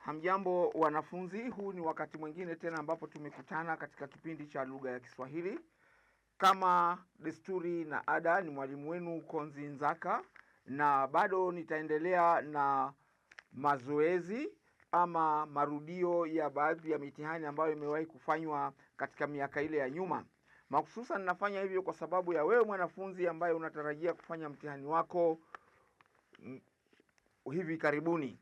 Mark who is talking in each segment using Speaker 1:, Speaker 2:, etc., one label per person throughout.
Speaker 1: Hamjambo wanafunzi, huu ni wakati mwingine tena ambapo tumekutana katika kipindi cha lugha ya Kiswahili. Kama desturi na ada, ni mwalimu wenu Konzi Nzaka, na bado nitaendelea na mazoezi ama marudio ya baadhi ya mitihani ambayo imewahi kufanywa katika miaka ile ya nyuma. Mahususan nafanya hivyo kwa sababu ya wewe mwanafunzi ambaye unatarajia kufanya mtihani wako hivi karibuni,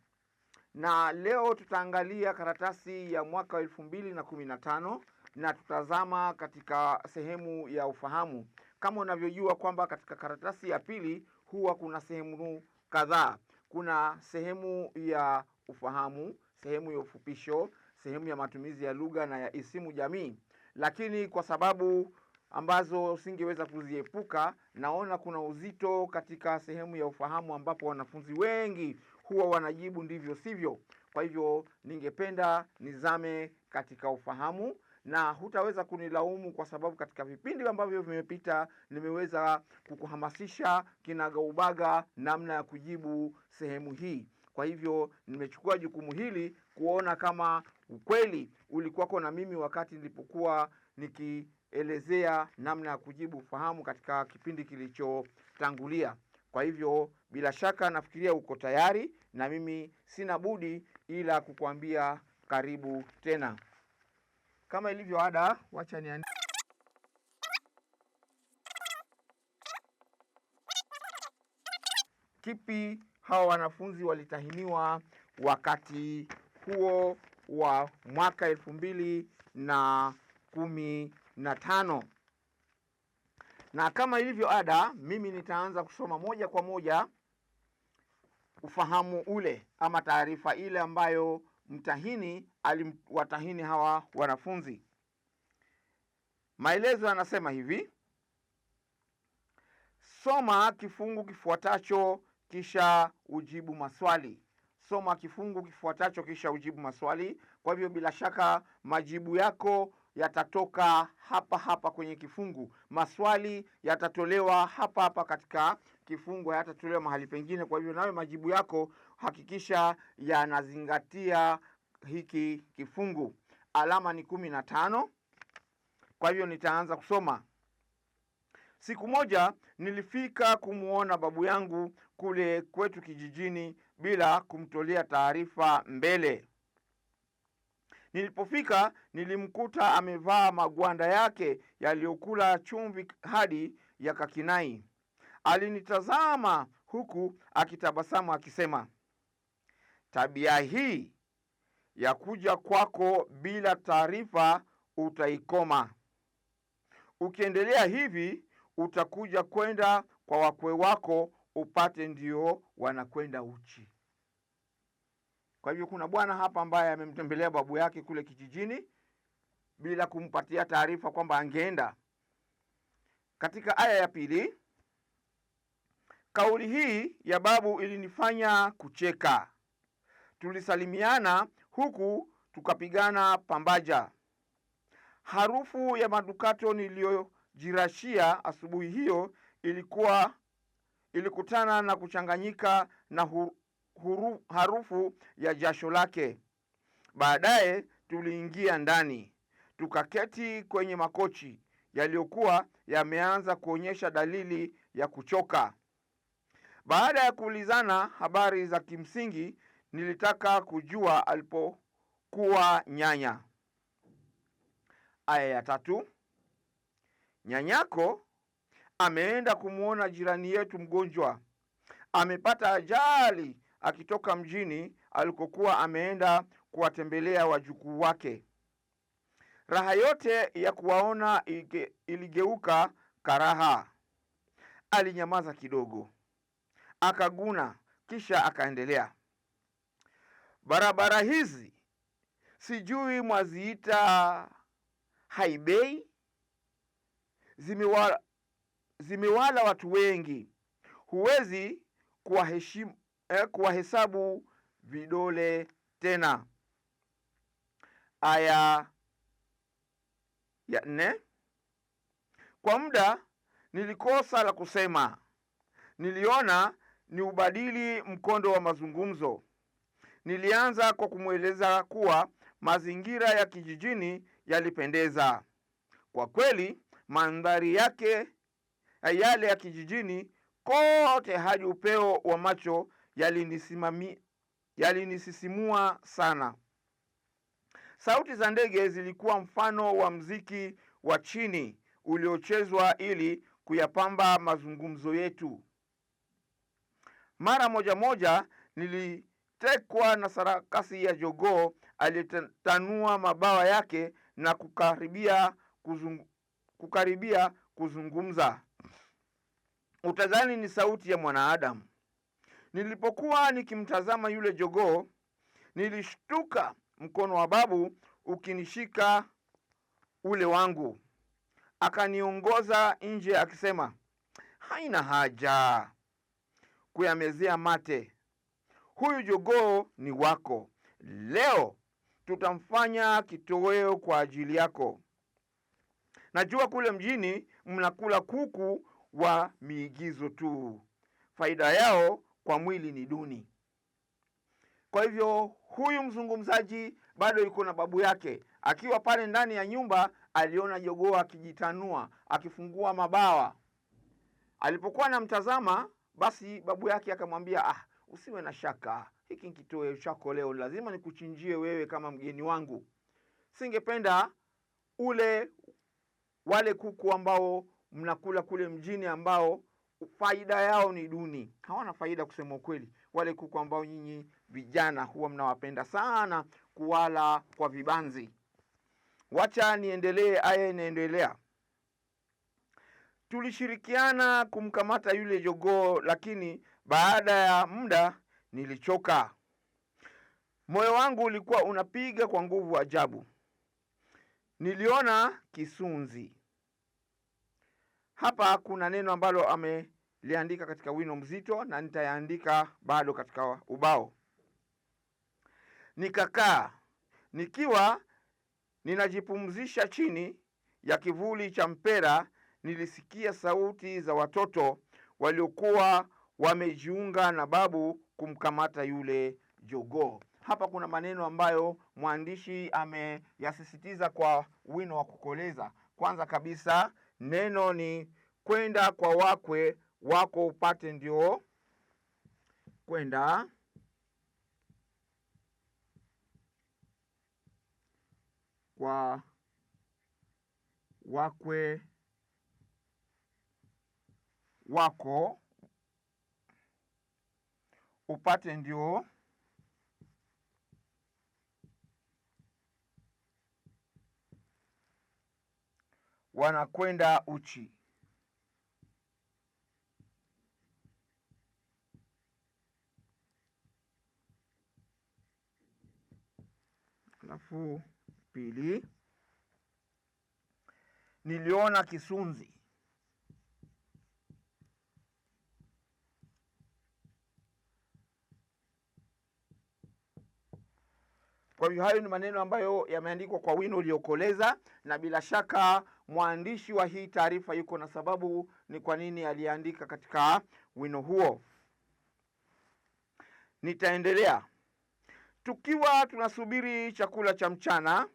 Speaker 1: na leo tutaangalia karatasi ya mwaka elfu mbili na kumi na tano na tutazama katika sehemu ya ufahamu. Kama unavyojua kwamba katika karatasi ya pili huwa kuna sehemu kadhaa. Kuna sehemu ya ufahamu, sehemu ya ufupisho, sehemu ya matumizi ya lugha na ya isimu jamii, lakini kwa sababu ambazo singeweza kuziepuka. Naona kuna uzito katika sehemu ya ufahamu ambapo wanafunzi wengi huwa wanajibu ndivyo sivyo. Kwa hivyo ningependa nizame katika ufahamu na hutaweza kunilaumu kwa sababu katika vipindi ambavyo vimepita nimeweza kukuhamasisha kinagaubaga namna ya kujibu sehemu hii. Kwa hivyo nimechukua jukumu hili kuona kama ukweli ulikuwako na mimi wakati nilipokuwa niki elezea namna ya kujibu fahamu katika kipindi kilichotangulia. Kwa hivyo bila shaka nafikiria uko tayari, na mimi sina budi ila kukuambia karibu tena. Kama ilivyo ada, wacha niandike kipi hawa wanafunzi walitahiniwa wakati huo wa mwaka elfu mbili na kumi na tano. Na kama ilivyo ada, mimi nitaanza kusoma moja kwa moja ufahamu ule ama taarifa ile ambayo mtahini aliwatahini hawa wanafunzi. Maelezo yanasema hivi: soma kifungu kifuatacho kisha ujibu maswali. Soma kifungu kifuatacho kisha ujibu maswali. Kwa hivyo, bila shaka majibu yako yatatoka hapa hapa kwenye kifungu, maswali yatatolewa hapa hapa katika kifungu, hayatatolewa mahali pengine. Kwa hivyo, nawe majibu yako hakikisha yanazingatia hiki kifungu. Alama ni kumi na tano. Kwa hivyo nitaanza kusoma. Siku moja nilifika kumwona babu yangu kule kwetu kijijini bila kumtolea taarifa mbele. Nilipofika nilimkuta amevaa magwanda yake yaliyokula chumvi hadi yakakinai. Alinitazama huku akitabasamu akisema, tabia hii ya kuja kwako bila taarifa utaikoma. Ukiendelea hivi utakuja kwenda kwa wakwe wako upate ndio wanakwenda uchi. Kwa hivyo kuna bwana hapa ambaye amemtembelea babu yake kule kijijini bila kumpatia taarifa kwamba angeenda. Katika aya ya pili, kauli hii ya babu ilinifanya kucheka. Tulisalimiana huku tukapigana pambaja. Harufu ya madukato niliyojirashia asubuhi hiyo ilikuwa ilikutana na kuchanganyika na hu, huru, harufu ya jasho lake. Baadaye tuliingia ndani tukaketi kwenye makochi yaliyokuwa yameanza kuonyesha dalili ya kuchoka. Baada ya kuulizana habari za kimsingi, nilitaka kujua alipokuwa nyanya. Aya ya tatu, nyanyako ameenda kumwona jirani yetu mgonjwa, amepata ajali akitoka mjini alikokuwa ameenda kuwatembelea wajukuu wake. Raha yote ya kuwaona iligeuka karaha. Alinyamaza kidogo, akaguna, kisha akaendelea. Barabara hizi sijui mwaziita haibei, zimewala, zimewala watu wengi, huwezi kuwaheshimu eh, kuwahesabu vidole tena. Aya ya nne, kwa muda nilikosa la kusema, niliona ni ubadili mkondo wa mazungumzo. Nilianza kwa kumweleza kuwa mazingira ya kijijini yalipendeza kwa kweli. Mandhari yake yale ya kijijini kote, hadi upeo wa macho yalinisisimua sana. Sauti za ndege zilikuwa mfano wa mziki wa chini uliochezwa ili kuyapamba mazungumzo yetu. Mara moja moja nilitekwa na sarakasi ya jogoo aliyetanua mabawa yake na kukaribia kuzung, kukaribia kuzungumza. Utadhani ni sauti ya mwanaadamu. Nilipokuwa nikimtazama yule jogoo, nilishtuka, mkono wa babu ukinishika ule wangu, akaniongoza nje akisema, haina haja kuyamezea mate, huyu jogoo ni wako, leo tutamfanya kitoweo kwa ajili yako. Najua kule mjini mnakula kuku wa miigizo tu, faida yao kwa mwili ni duni. Kwa hivyo huyu mzungumzaji bado yuko na babu yake. Akiwa pale ndani ya nyumba, aliona jogoa akijitanua, akifungua mabawa. Alipokuwa anamtazama, basi babu yake akamwambia, ah, usiwe na shaka, hiki nkitoe chako leo, lazima nikuchinjie wewe kama mgeni wangu. Singependa ule wale kuku ambao mnakula kule mjini ambao faida yao ni duni, hawana faida kusema ukweli. Wale kuku ambao nyinyi vijana huwa mnawapenda sana kuwala kwa vibanzi. Wacha niendelee, aya inaendelea. Tulishirikiana kumkamata yule jogoo, lakini baada ya muda nilichoka. Moyo wangu ulikuwa unapiga kwa nguvu ajabu. Niliona kisunzi hapa kuna neno ambalo ameliandika katika wino mzito na nitayaandika bado katika ubao. Nikakaa nikiwa ninajipumzisha chini ya kivuli cha mpera, nilisikia sauti za watoto waliokuwa wamejiunga na babu kumkamata yule jogoo. Hapa kuna maneno ambayo mwandishi ameyasisitiza kwa wino wa kukoleza. Kwanza kabisa Neno ni kwenda kwa wakwe wako upate, ndio kwenda kwa wakwe wako upate, ndio wanakwenda uchi. Alafu pili, niliona kisunzi. Kwa hiyo hayo ni maneno ambayo yameandikwa kwa wino uliokoleza, na bila shaka mwandishi wa hii taarifa yuko na sababu ni kwa nini aliandika katika wino huo. Nitaendelea. Tukiwa tunasubiri chakula cha mchana,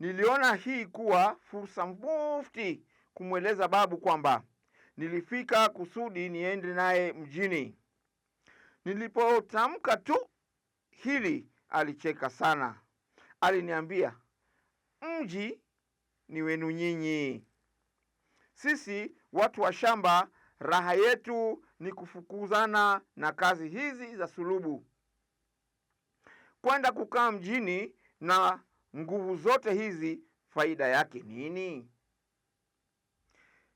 Speaker 1: niliona hii kuwa fursa mufti kumweleza babu kwamba nilifika kusudi niende naye mjini. Nilipotamka tu hili, alicheka sana. Aliniambia mji ni wenu nyinyi. Sisi watu wa shamba, raha yetu ni kufukuzana na kazi hizi za sulubu, kwenda kukaa mjini na nguvu zote hizi. Faida yake nini?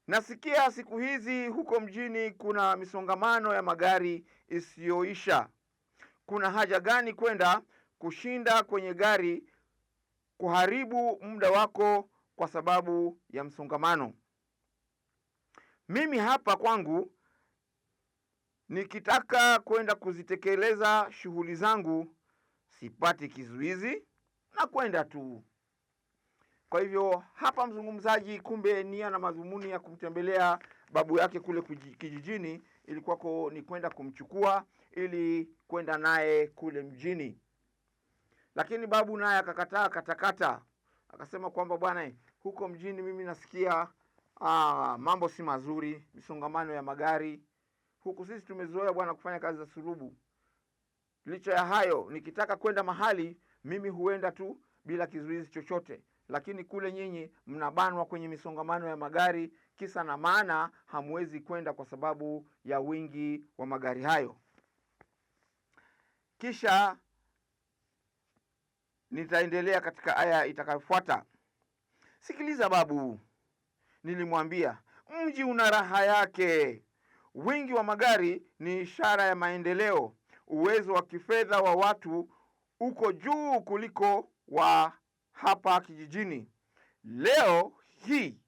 Speaker 1: Nasikia siku hizi huko mjini kuna misongamano ya magari isiyoisha. Kuna haja gani kwenda kushinda kwenye gari, kuharibu muda wako kwa sababu ya msongamano. Mimi hapa kwangu nikitaka kwenda kuzitekeleza shughuli zangu sipati kizuizi na kwenda tu. Kwa hivyo hapa mzungumzaji, kumbe nia na madhumuni ya kumtembelea babu yake kule kijijini ilikuwako ni kwenda kumchukua ili kwenda naye kule mjini, lakini babu naye akakataa katakata, akasema kwamba bwana huko mjini mimi nasikia aa, ah, mambo si mazuri, misongamano ya magari huku. Sisi tumezoea bwana kufanya kazi za sulubu. Licha ya hayo, nikitaka kwenda mahali mimi huenda tu bila kizuizi chochote, lakini kule nyinyi mnabanwa kwenye misongamano ya magari, kisa na maana hamwezi kwenda kwa sababu ya wingi wa magari hayo. Kisha nitaendelea katika aya itakayofuata. Sikiliza babu, nilimwambia, mji una raha yake. Wingi wa magari ni ishara ya maendeleo. Uwezo wa kifedha wa watu uko juu kuliko wa hapa kijijini. Leo hii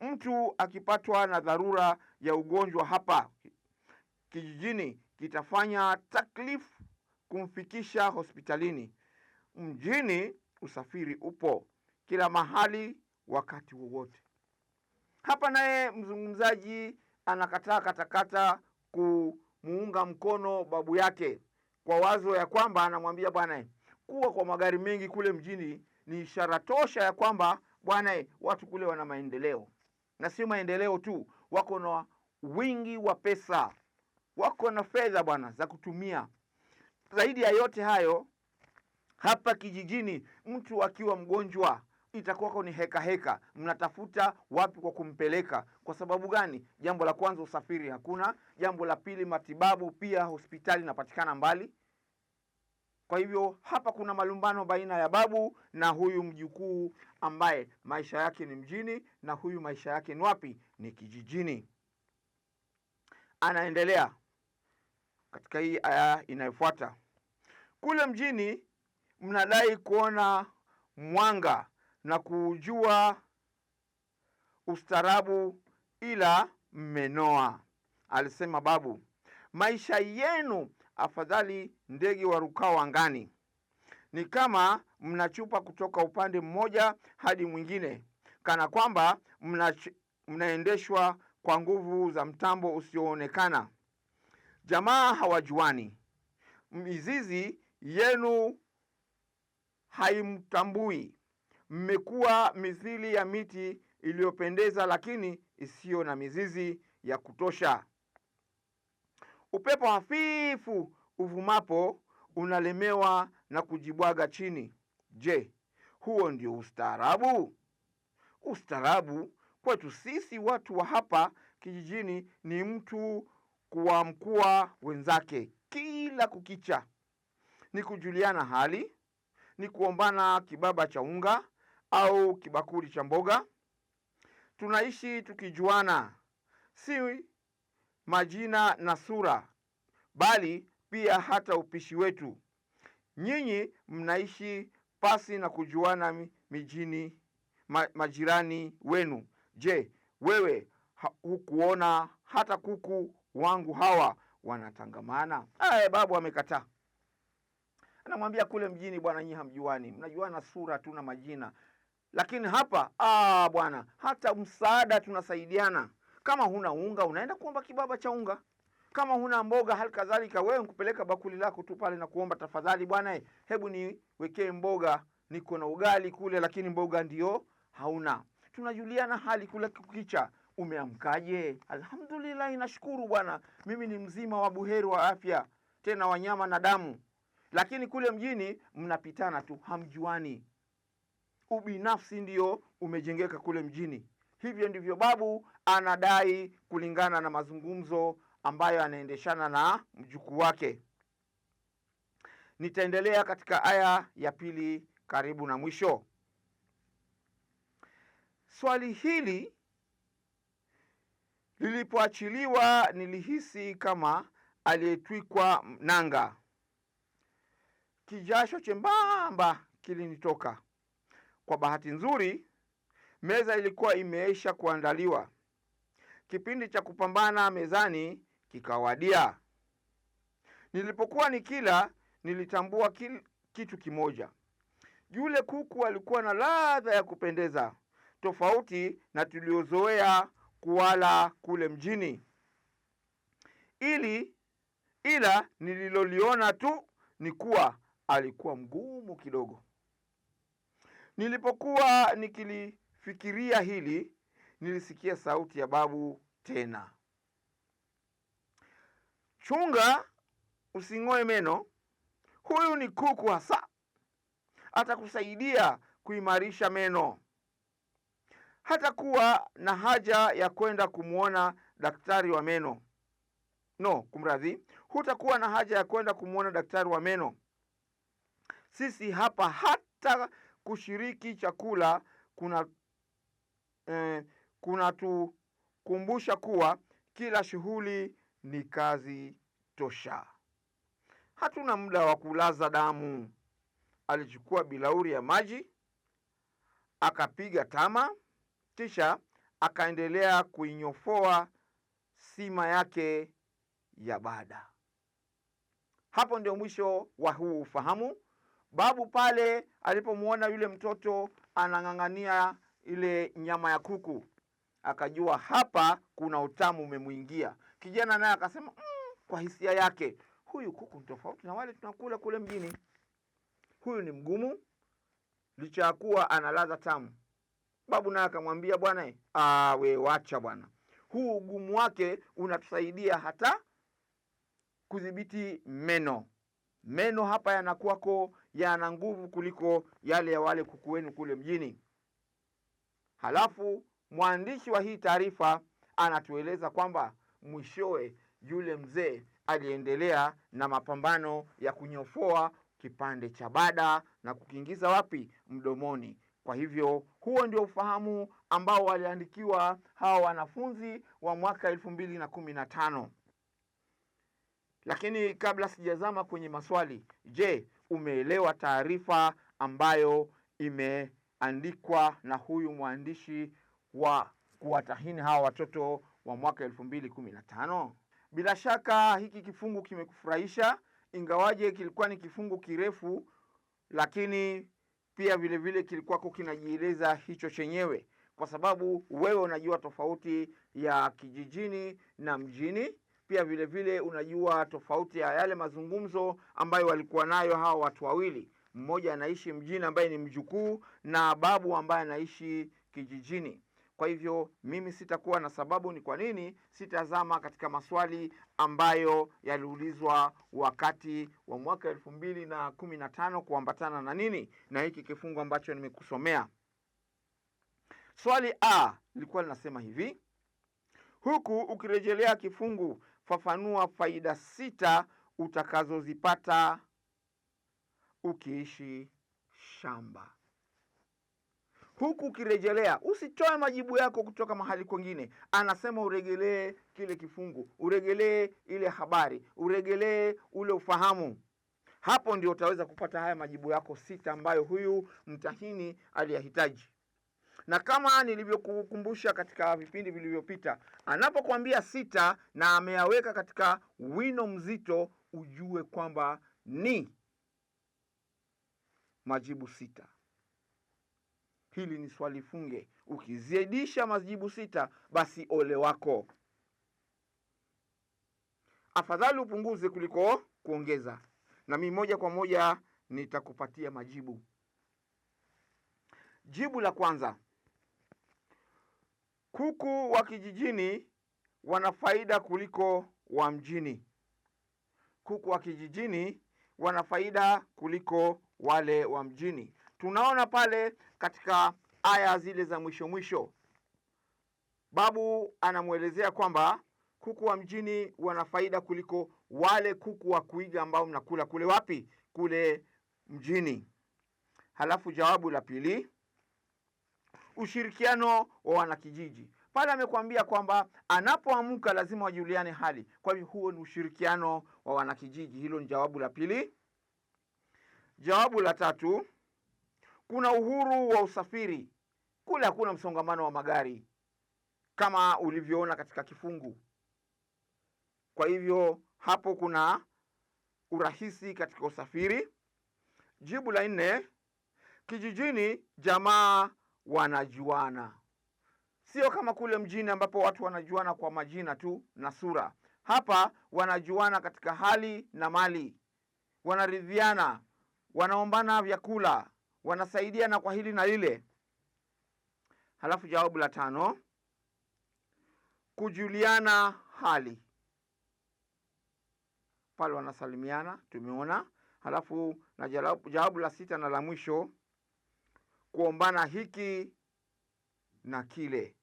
Speaker 1: mtu akipatwa na dharura ya ugonjwa hapa kijijini kitafanya taklifu kumfikisha hospitalini. Mjini usafiri upo kila mahali, wakati wowote. Hapa naye mzungumzaji anakataa katakata kumuunga mkono babu yake kwa wazo ya kwamba anamwambia bwana, kuwa kwa magari mengi kule mjini ni ishara tosha ya kwamba bwana, watu kule wana maendeleo, na sio maendeleo tu, wako na wingi wa pesa, wako na fedha bwana za kutumia. Zaidi ya yote hayo, hapa kijijini mtu akiwa mgonjwa itakuwako ni heka heka, mnatafuta wapi kwa kumpeleka. Kwa sababu gani? Jambo la kwanza, usafiri hakuna. Jambo la pili, matibabu pia hospitali inapatikana mbali. Kwa hivyo hapa kuna malumbano baina ya babu na huyu mjukuu ambaye maisha yake ni mjini na huyu maisha yake ni wapi? Ni kijijini. Anaendelea katika hii aya inayofuata, kule mjini mnadai kuona mwanga na kujua ustarabu ila mmenoa. Alisema babu, maisha yenu afadhali ndege warukao angani, ni kama mnachupa kutoka upande mmoja hadi mwingine, kana kwamba mna mnaendeshwa kwa nguvu za mtambo usioonekana. Jamaa hawajuani, mizizi yenu haimtambui mmekuwa mithili ya miti iliyopendeza lakini isiyo na mizizi ya kutosha. Upepo hafifu uvumapo unalemewa na kujibwaga chini. Je, huo ndio ustaarabu? Ustaarabu kwetu sisi watu wa hapa kijijini ni mtu kuwamkua wenzake kila kukicha, ni kujuliana hali, ni kuombana kibaba cha unga, au kibakuli cha mboga. Tunaishi tukijuana, si majina na sura, bali pia hata upishi wetu. Nyinyi mnaishi pasi na kujuana mijini ma, majirani wenu. Je, wewe ha, hukuona hata kuku wangu hawa wanatangamana? Ae, eh, babu amekataa, anamwambia kule mjini, bwana, nyinyi hamjuani, mnajuana sura tu na majina. Lakini hapa ah, bwana, hata msaada tunasaidiana. Kama huna unga unaenda kuomba kibaba cha unga, kama huna mboga hali kadhalika. Wewe nkupeleka bakuli lako tu pale na kuomba, tafadhali bwana, hebu niwekee mboga, niko na ugali kule, lakini mboga ndio hauna. Tunajuliana hali kula kukicha Umeamkaje? Alhamdulillahi, nashukuru bwana, mimi ni mzima wa buheri wa afya, tena wanyama na damu. Lakini kule mjini mnapitana tu, hamjuani ubinafsi ndio umejengeka kule mjini. Hivyo ndivyo babu anadai kulingana na mazungumzo ambayo anaendeshana na mjukuu wake. Nitaendelea katika aya ya pili karibu na mwisho. Swali hili lilipoachiliwa, nilihisi kama aliyetwikwa nanga. Kijasho chembamba kilinitoka. Kwa bahati nzuri, meza ilikuwa imeisha kuandaliwa. Kipindi cha kupambana mezani kikawadia. Nilipokuwa nikila, nilitambua kil, kitu kimoja. Yule kuku alikuwa na ladha ya kupendeza, tofauti na tuliozoea kuwala kule mjini. Ili ila nililoliona tu ni kuwa alikuwa mgumu kidogo. Nilipokuwa nikilifikiria hili, nilisikia sauti ya babu tena, chunga using'oe meno, huyu ni kuku hasa, atakusaidia kuimarisha meno. Hatakuwa na haja ya kwenda kumwona daktari wa meno. No, kumradhi, hutakuwa na haja ya kwenda kumwona daktari wa meno. Sisi hapa hata kushiriki chakula kuna eh, kunatukumbusha kuwa kila shughuli ni kazi tosha. Hatuna muda wa kulaza damu. Alichukua bilauri ya maji akapiga tama, kisha akaendelea kuinyofoa sima yake ya bada. Hapo ndio mwisho wa huu ufahamu babu pale alipomwona yule mtoto anang'ang'ania ile nyama ya kuku, akajua hapa kuna utamu umemwingia. Kijana naye akasema mm, kwa hisia yake, huyu kuku ni tofauti na wale tunakula kule mjini, huyu ni mgumu, licha ya kuwa ana ladha tamu. Babu naye akamwambia, bwana awe, wacha bwana, huu ugumu wake unatusaidia hata kudhibiti meno. Meno hapa yanakuwako yana nguvu kuliko yale ya wale kuku wenu kule mjini. Halafu mwandishi wa hii taarifa anatueleza kwamba mwishowe yule mzee aliendelea na mapambano ya kunyofoa kipande cha bada na kukiingiza wapi? Mdomoni. Kwa hivyo huo ndio ufahamu ambao waliandikiwa hawa wanafunzi wa mwaka elfu mbili na kumi na tano. Lakini kabla sijazama kwenye maswali, je, umeelewa taarifa ambayo imeandikwa na huyu mwandishi wa kuwatahini hawa watoto wa mwaka elfu mbili kumi na tano? Bila shaka hiki kifungu kimekufurahisha, ingawaje kilikuwa ni kifungu kirefu, lakini pia vile vile kilikuwako kinajieleza hicho chenyewe, kwa sababu wewe unajua tofauti ya kijijini na mjini pia vile vile unajua tofauti ya yale mazungumzo ambayo walikuwa nayo hawa watu wawili, mmoja anaishi mjini ambaye ni mjukuu na babu ambaye anaishi kijijini. Kwa hivyo mimi sitakuwa na sababu ni kwa nini sitazama katika maswali ambayo yaliulizwa wakati wa mwaka elfu mbili na kumi na tano kuambatana na nini na hiki kifungu ambacho nimekusomea. Swali a lilikuwa linasema hivi, huku ukirejelea kifungu fafanua faida sita utakazozipata ukiishi shamba. Huku ukirejelea, usitoe majibu yako kutoka mahali kwengine. Anasema uregelee kile kifungu, uregelee ile habari, uregelee ule ufahamu. Hapo ndio utaweza kupata haya majibu yako sita ambayo huyu mtahini aliyahitaji. Na kama nilivyokukumbusha katika vipindi vilivyopita, anapokuambia sita na ameyaweka katika wino mzito, ujue kwamba ni majibu sita. Hili ni swali funge. Ukizidisha majibu sita, basi ole wako. Afadhali upunguze kuliko kuongeza. Na mimi moja kwa moja nitakupatia majibu. Jibu la kwanza, Kuku wa kijijini wana faida kuliko wa mjini. Kuku wa kijijini wana faida kuliko wale wa mjini. Tunaona pale katika aya zile za mwisho mwisho, babu anamwelezea kwamba kuku wa mjini wana faida kuliko wale kuku wa kuiga ambao mnakula kule wapi? Kule mjini. Halafu jawabu la pili ushirikiano wa wanakijiji pale amekwambia kwamba anapoamka lazima wajuliane hali. Kwa hivyo huo ni ushirikiano wa wanakijiji. Hilo ni jawabu la pili. Jawabu la tatu, kuna uhuru wa usafiri. Kule hakuna msongamano wa magari kama ulivyoona katika kifungu. Kwa hivyo hapo kuna urahisi katika usafiri. Jibu la nne, kijijini jamaa wanajuana, sio kama kule mjini ambapo watu wanajuana kwa majina tu na sura. Hapa wanajuana katika hali na mali, wanaridhiana, wanaombana vyakula, wanasaidiana kwa hili na lile. Halafu jawabu la tano, kujuliana hali. Pale wanasalimiana, tumeona. Halafu na jawabu la sita na la mwisho kuombana hiki na kile.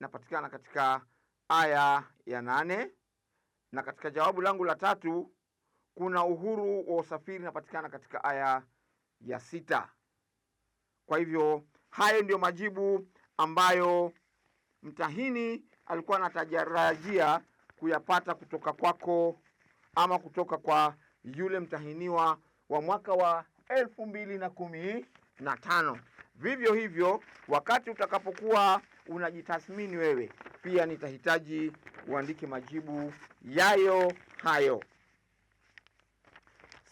Speaker 1: Napatikana katika aya ya nane. Na katika jawabu langu la tatu kuna uhuru wa usafiri, inapatikana katika aya ya sita. Kwa hivyo hayo ndiyo majibu ambayo mtahini alikuwa anatarajia kuyapata kutoka kwako ama kutoka kwa yule mtahiniwa wa mwaka wa elfu mbili na kumi na tano. Vivyo hivyo, wakati utakapokuwa unajitathmini wewe, pia nitahitaji uandike majibu yayo hayo.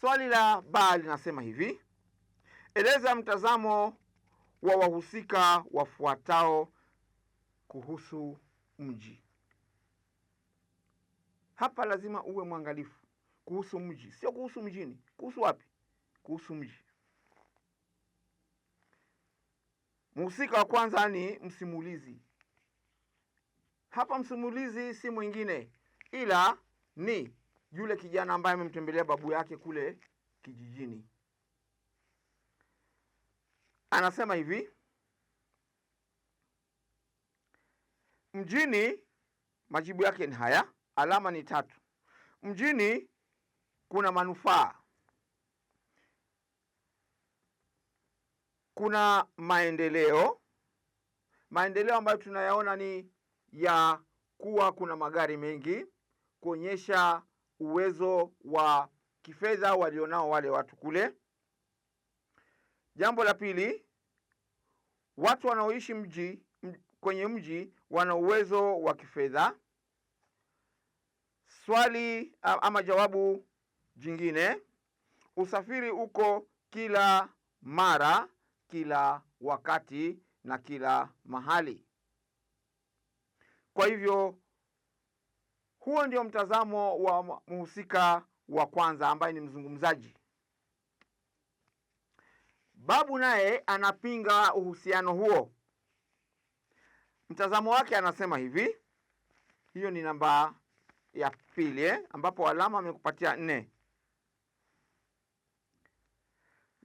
Speaker 1: Swali la ba linasema hivi: eleza mtazamo wa wahusika wafuatao kuhusu mji. Hapa lazima uwe mwangalifu kuhusu mji, sio kuhusu mjini. Kuhusu wapi? Kuhusu mji. Mhusika wa kwanza ni msimulizi. Hapa msimulizi si mwingine ila ni yule kijana ambaye amemtembelea babu yake kule kijijini. Anasema hivi: mjini, majibu yake ni haya, alama ni tatu. Mjini kuna manufaa kuna maendeleo, maendeleo ambayo tunayaona ni ya kuwa kuna magari mengi, kuonyesha uwezo wa kifedha walionao wale watu kule. Jambo la pili, watu wanaoishi mji kwenye mji wana uwezo wa kifedha. Swali ama jawabu jingine, usafiri uko kila mara kila wakati na kila mahali. Kwa hivyo huo ndio mtazamo wa mhusika wa kwanza ambaye ni mzungumzaji. Babu naye anapinga uhusiano huo. Mtazamo wake anasema hivi, hiyo ni namba ya pili eh, ambapo alama amekupatia nne.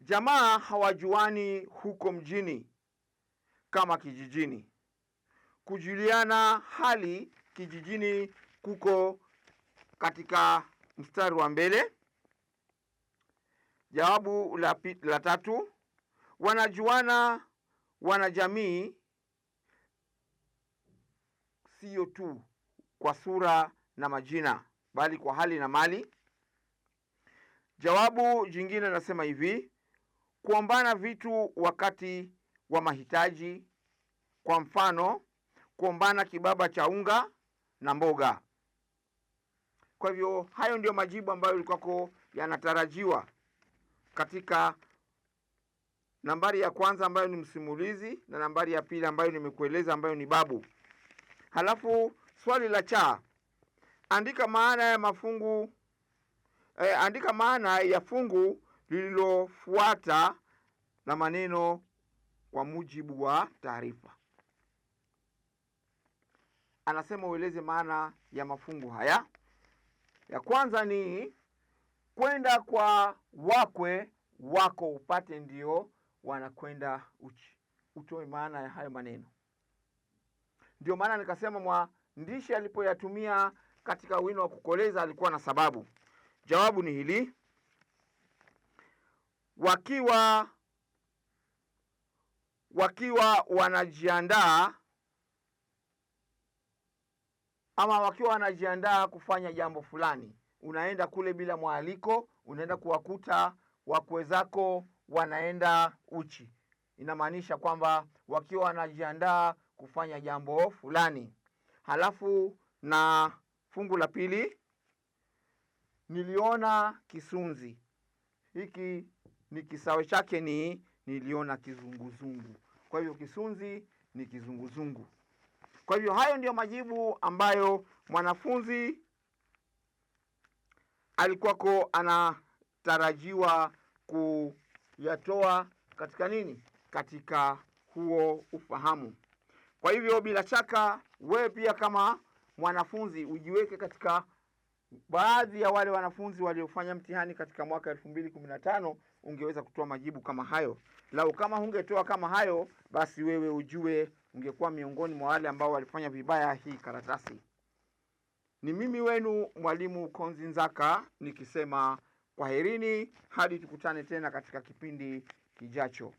Speaker 1: Jamaa hawajuani huko mjini kama kijijini. Kujuliana hali kijijini kuko katika mstari wa mbele. Jawabu la, la tatu, wanajuana wanajamii sio tu kwa sura na majina, bali kwa hali na mali. Jawabu jingine nasema hivi kuombana vitu wakati wa mahitaji, kwa mfano kuombana kibaba cha unga na mboga. Kwa hivyo hayo ndiyo majibu ambayo ilikuwako yanatarajiwa katika nambari ya kwanza ambayo ni msimulizi na nambari ya pili ambayo nimekueleza ambayo ni babu. Halafu swali la cha, andika maana ya mafungu eh, andika maana ya fungu lililofuata la maneno kwa mujibu wa taarifa. Anasema ueleze maana ya mafungu haya. Ya kwanza ni kwenda kwa wakwe wako upate, ndio wanakwenda uchi. Utoe maana ya hayo maneno. Ndio maana nikasema mwandishi alipoyatumia katika wino wa kukoleza alikuwa na sababu. Jawabu ni hili wakiwa wakiwa wanajiandaa ama wakiwa wanajiandaa kufanya jambo fulani, unaenda kule bila mwaliko, unaenda kuwakuta wakwe zako wanaenda uchi. Inamaanisha kwamba wakiwa wanajiandaa kufanya jambo fulani. Halafu na fungu la pili, niliona kisunzi hiki ni kisawe chake ni niliona kizunguzungu. Kwa hivyo kisunzi ni kizunguzungu. Kwa hivyo hayo ndiyo majibu ambayo mwanafunzi alikuwako anatarajiwa kuyatoa katika nini, katika huo ufahamu. Kwa hivyo bila shaka, wewe pia kama mwanafunzi ujiweke katika baadhi ya wale wanafunzi waliofanya mtihani katika mwaka elfu mbili kumi na tano ungeweza kutoa majibu kama hayo. Lau kama hungetoa kama hayo, basi wewe ujue ungekuwa miongoni mwa wale ambao walifanya vibaya hii karatasi. Ni mimi wenu Mwalimu Konzi Nzaka nikisema kwaherini hadi tukutane tena katika kipindi kijacho.